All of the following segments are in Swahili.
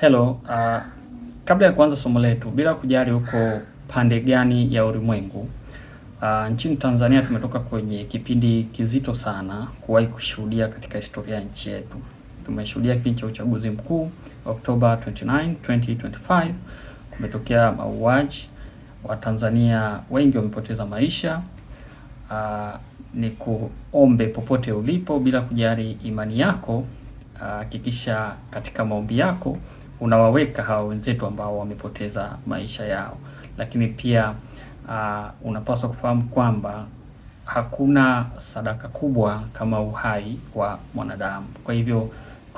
Hello, uh, kabla ya kuanza somo letu, bila kujali uko pande gani ya ulimwengu uh, nchini Tanzania tumetoka kwenye kipindi kizito sana kuwahi kushuhudia katika historia ya nchi yetu. Tumeshuhudia kipindi cha uchaguzi mkuu Oktoba 29, 2025. Kumetokea mauaji, Watanzania wengi wamepoteza maisha. Uh, ni kuombe popote ulipo, bila kujali imani yako, uh, hakikisha uh, katika maombi yako unawaweka hawa wenzetu ambao wamepoteza maisha yao, lakini pia uh, unapaswa kufahamu kwamba hakuna sadaka kubwa kama uhai wa mwanadamu. Kwa hivyo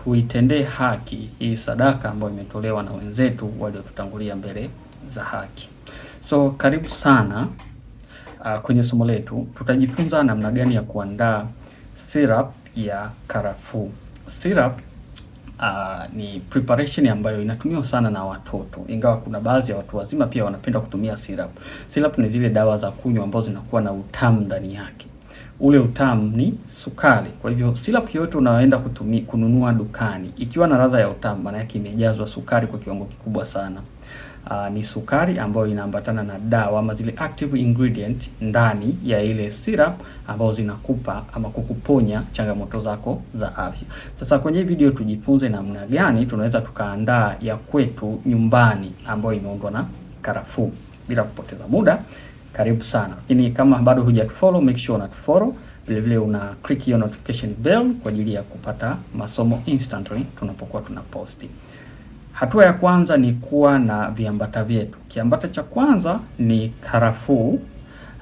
tuitendee haki hii sadaka ambayo imetolewa na wenzetu waliotutangulia mbele za haki. So karibu sana uh, kwenye somo letu tutajifunza namna gani ya kuandaa syrup ya karafuu. Syrup uh, ni preparation ambayo inatumiwa sana na watoto, ingawa kuna baadhi ya watu wazima pia wanapenda kutumia syrup. Syrup ni zile dawa za kunywa ambazo zinakuwa na utamu ndani yake. Ule utamu ni sukari. Kwa hivyo syrup yoyote unaenda kutumia kununua dukani ikiwa na ladha ya utamu, maana yake imejazwa sukari kwa kiwango kikubwa sana uh, ni sukari ambayo inaambatana na dawa ama zile active ingredient ndani ya ile syrup ambazo zinakupa ama kukuponya changamoto zako za afya. Sasa kwenye video tujifunze namna gani tunaweza tukaandaa ya kwetu nyumbani ambayo imeundwa na karafuu. Bila kupoteza muda, karibu sana. Lakini kama bado hujatufollow, make sure unatufollow. Vile vile una click hiyo notification bell kwa ajili ya kupata masomo instantly tunapokuwa tunaposti. Hatua ya kwanza ni kuwa na viambata vyetu. Kiambata cha kwanza ni karafuu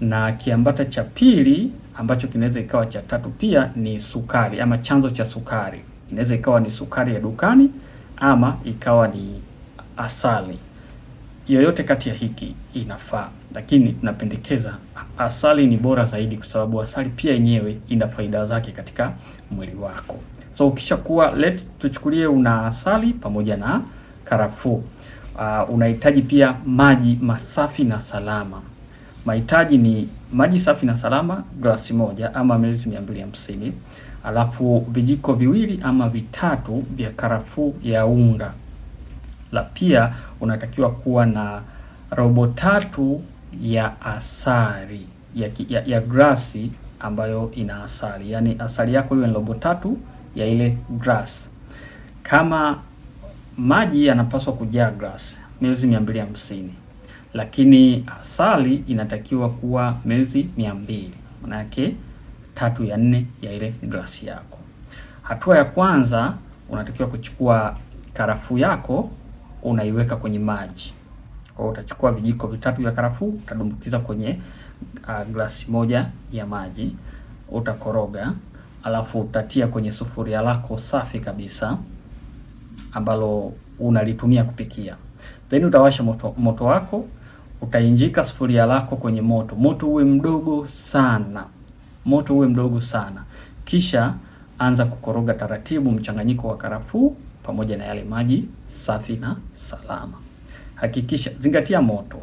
na kiambata cha pili ambacho kinaweza ikawa cha tatu pia ni sukari ama chanzo cha sukari. Inaweza ikawa ni sukari ya dukani ama ikawa ni asali. Yoyote kati ya hiki inafaa, lakini tunapendekeza asali ni bora zaidi, kwa sababu asali pia yenyewe ina faida zake katika mwili wako. So ukishakuwa let tuchukulie una asali pamoja na karafuu. Uh, unahitaji pia maji masafi na salama. Mahitaji ni maji safi na salama glasi moja ama mililita mia mbili hamsini alafu vijiko viwili ama vitatu vya karafuu ya unga. La pia unatakiwa kuwa na robo tatu ya asali ya, ya, ya glasi ambayo ina asali, yaani asali yako iwe ni robo tatu ya ile glasi. Kama maji yanapaswa kujaa glasi mbili 250, lakini asali inatakiwa kuwa mezi 200, maana yake tatu ya nne ya ile glasi yako. Hatua ya kwanza unatakiwa kuchukua karafuu yako unaiweka kwenye maji. Kwa hiyo utachukua vijiko vitatu vya karafuu utadumbukiza kwenye uh, ah, glasi moja ya maji, utakoroga, alafu utatia kwenye sufuria lako safi kabisa ambalo unalitumia kupikia. Then utawasha moto, moto wako, utainjika sufuria lako kwenye moto. Moto uwe mdogo sana, moto uwe mdogo sana, kisha anza kukoroga taratibu mchanganyiko wa karafuu pamoja na yale maji safi na salama. Hakikisha zingatia moto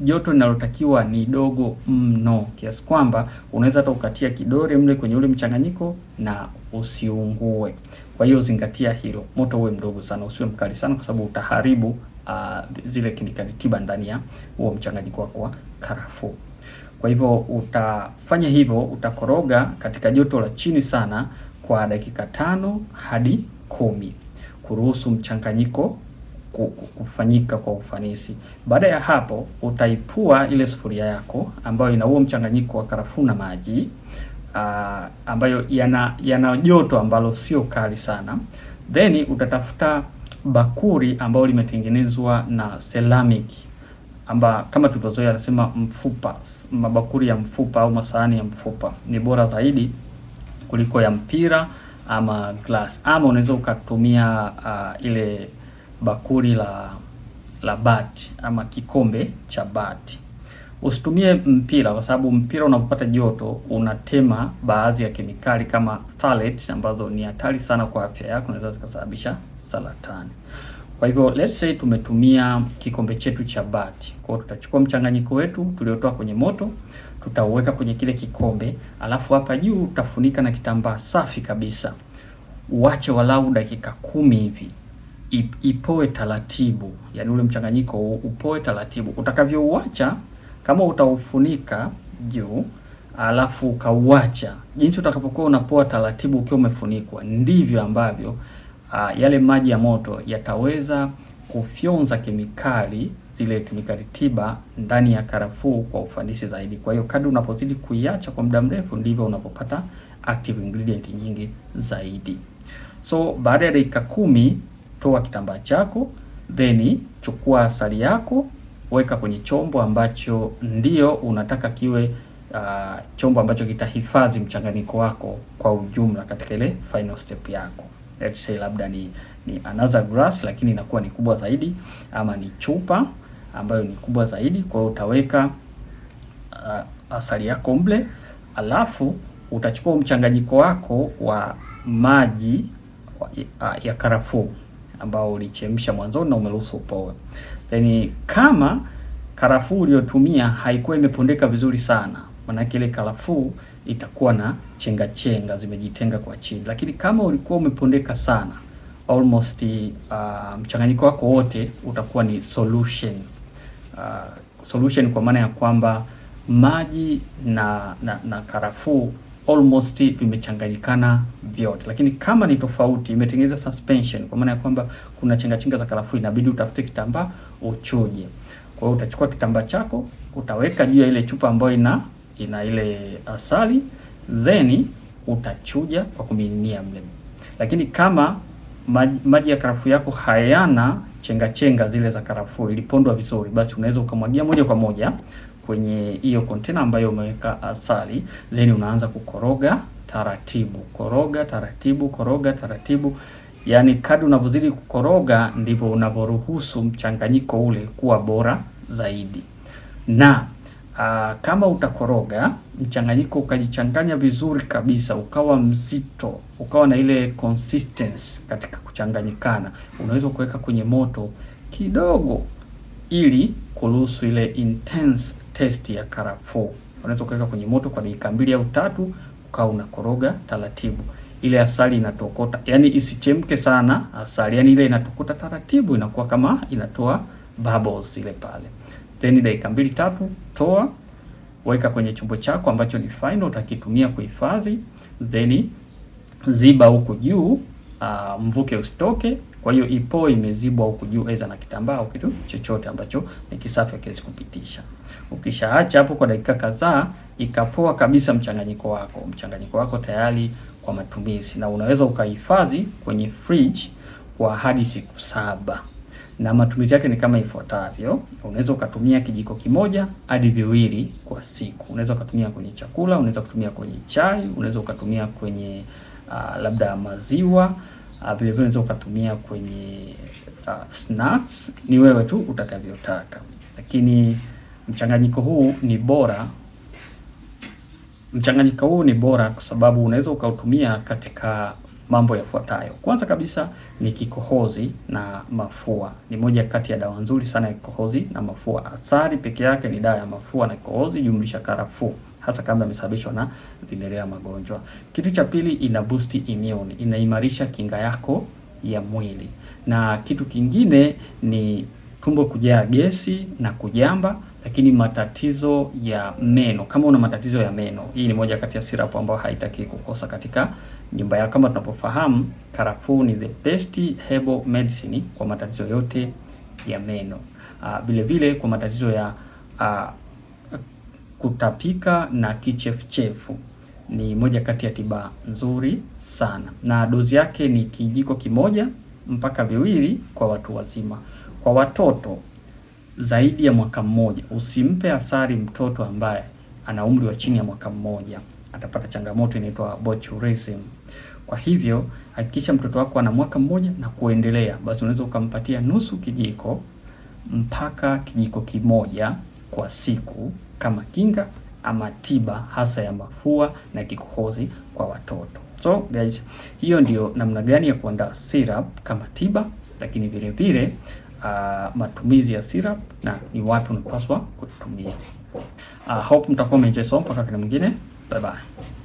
joto linalotakiwa ni dogo mno, kiasi kwamba unaweza hata ukatia kidole mle kwenye ule mchanganyiko na usiungue. Kwa hiyo zingatia hilo, moto uwe mdogo sana, usiwe mkali sana, kwa sababu utaharibu uh, zile kemikali tiba ndani ya huo mchanganyiko wako wa karafuu. Kwa hivyo utafanya hivyo, utakoroga katika joto la chini sana kwa dakika tano hadi kumi kuruhusu mchanganyiko kufanyika kwa ufanisi. Baada ya hapo, utaipua ile sufuria yako ambayo ina huo mchanganyiko wa karafuu na maji uh, ambayo yana yana joto ambalo sio kali sana, then utatafuta bakuri ambayo limetengenezwa na ceramic amba kama tulivyozoea anasema mfupa, mabakuri ya mfupa au masahani ya mfupa ni bora zaidi kuliko ya mpira ama glass, ama unaweza ukatumia uh, ile bakuli la la bati ama kikombe cha bati. Usitumie mpira kwa sababu mpira unapopata joto unatema baadhi ya kemikali kama phthalates ambazo ni hatari sana kwa afya yako, naweza zikasababisha saratani. Kwa hivyo let's say tumetumia kikombe chetu cha bati. Kwa hiyo tutachukua mchanganyiko wetu tuliotoa kwenye moto, tutauweka kwenye kile kikombe, alafu hapa juu tutafunika na kitambaa safi kabisa. Uache walau dakika kumi hivi ipoe taratibu, yani ule mchanganyiko upoe taratibu. Utakavyouacha kama utaufunika juu alafu ukauacha, jinsi utakapokuwa unapoa taratibu ukiwa umefunikwa, ndivyo ambavyo a, yale maji ya moto yataweza kufyonza kemikali zile kemikali tiba ndani ya karafuu kwa ufanisi zaidi. Kwa hiyo kadri unapozidi kuiacha kwa muda mrefu ndivyo unapopata active ingredient nyingi zaidi. So baada ya dakika kumi toa kitambaa chako, then chukua asali yako weka kwenye chombo ambacho ndio unataka kiwe uh, chombo ambacho kitahifadhi mchanganyiko wako kwa ujumla katika ile final step yako. Let's say labda ni, ni another glass lakini inakuwa ni kubwa zaidi, ama ni chupa ambayo ni kubwa zaidi. Kwa hiyo utaweka uh, asali yako mle, alafu utachukua mchanganyiko wako wa maji uh, ya karafuu ambao ulichemsha mwanzoni na umeruhusu upoe. Then yaani, kama karafuu uliyotumia haikuwa imepondeka vizuri sana, maanake ile karafuu itakuwa na chenga chenga zimejitenga kwa chini, lakini kama ulikuwa umepondeka sana almost uh, mchanganyiko wako wote utakuwa ni solution uh, solution kwa maana ya kwamba maji na, na, na karafuu almost vimechanganyikana vyote, lakini kama ni tofauti imetengeneza suspension, kwa maana ya kwamba kuna chengachenga za karafuu, inabidi utafute kitambaa uchuje. Kwa hiyo utachukua kitambaa chako utaweka juu ya ile chupa ambayo ina ina ile asali, then utachuja kwa kumiminia mle. Lakini kama maji ya karafuu yako hayana chengachenga zile za karafuu, ilipondwa vizuri, basi unaweza ukamwagia moja kwa moja kwenye hiyo container ambayo umeweka asali, then unaanza kukoroga taratibu, koroga taratibu, koroga taratibu. Yani kadri unavyozidi kukoroga ndivyo unavyoruhusu mchanganyiko ule kuwa bora zaidi. Na aa, ah, kama utakoroga mchanganyiko ukajichanganya vizuri kabisa, ukawa mzito, ukawa na ile consistency katika kuchanganyikana, unaweza kuweka kwenye moto kidogo ili kuruhusu ile intense test ya karafuu. Unaweza ukaweka kwenye moto kwa dakika mbili au tatu, ukawa unakoroga taratibu. Ile asali inatokota, yani isichemke sana asali, yani ile inatokota taratibu, inakuwa kama inatoa bubbles ile pale. Then dakika mbili tatu, toa weka kwenye chombo chako ambacho ni fine, utakitumia kuhifadhi, then ziba huku juu, uh, mvuke usitoke kwa hiyo ipo imezibwa huku juu aidha na kitambaa au kitu chochote ambacho ni kisafi kiwezi kupitisha. Ukishaacha hapo kwa dakika kadhaa, ikapoa kabisa mchanganyiko wako. Mchanganyiko wako tayari kwa matumizi, na unaweza ukahifadhi kwenye fridge kwa hadi siku saba na matumizi yake ni kama ifuatavyo. Unaweza ukatumia kijiko kimoja hadi viwili kwa siku. Unaweza ukatumia kwenye chakula, unaweza kutumia kwenye chai, unaweza ukatumia kwenye uh, labda maziwa Ah, vile vile unaweza ukatumia kwenye uh, snacks, ni wewe tu utakavyotaka, lakini mchanganyiko huu ni bora mchanganyiko huu ni bora kwa sababu unaweza ukautumia katika mambo yafuatayo. Kwanza kabisa ni kikohozi na mafua, ni moja kati ya dawa nzuri sana ya kikohozi na mafua. Asali peke yake ni dawa ya mafua na kikohozi jumlisha karafuu hasa kama imesababishwa na vimelea magonjwa. Kitu cha pili, ina boost immune, inaimarisha kinga yako ya mwili, na kitu kingine ni tumbo kujaa gesi na kujamba lakini matatizo ya meno, kama una matatizo ya meno, hii ni moja kati ya sirapu ambayo haitaki kukosa katika nyumba yako. Kama tunapofahamu, karafuu ni the best herbal medicine kwa matatizo yote ya meno, ah, vile vile kwa matatizo ya uh, kutapika na kichefuchefu ni moja kati ya tiba nzuri sana, na dozi yake ni kijiko kimoja mpaka viwili kwa watu wazima. Kwa watoto zaidi ya mwaka mmoja, usimpe asali mtoto ambaye ana umri wa chini ya mwaka mmoja, atapata changamoto inaitwa botulism. Kwa hivyo hakikisha mtoto wako ana mwaka mmoja na kuendelea, basi unaweza ukampatia nusu kijiko mpaka kijiko kimoja kwa siku kama kinga ama tiba hasa ya mafua na kikohozi kwa watoto. So guys, hiyo ndio namna gani ya kuandaa syrup kama tiba, lakini vile vile uh, matumizi ya syrup na ni wapi unapaswa kutumia. Uh, hope mtakuwa mmejifunza mpaka kile mwingine. Bye bye.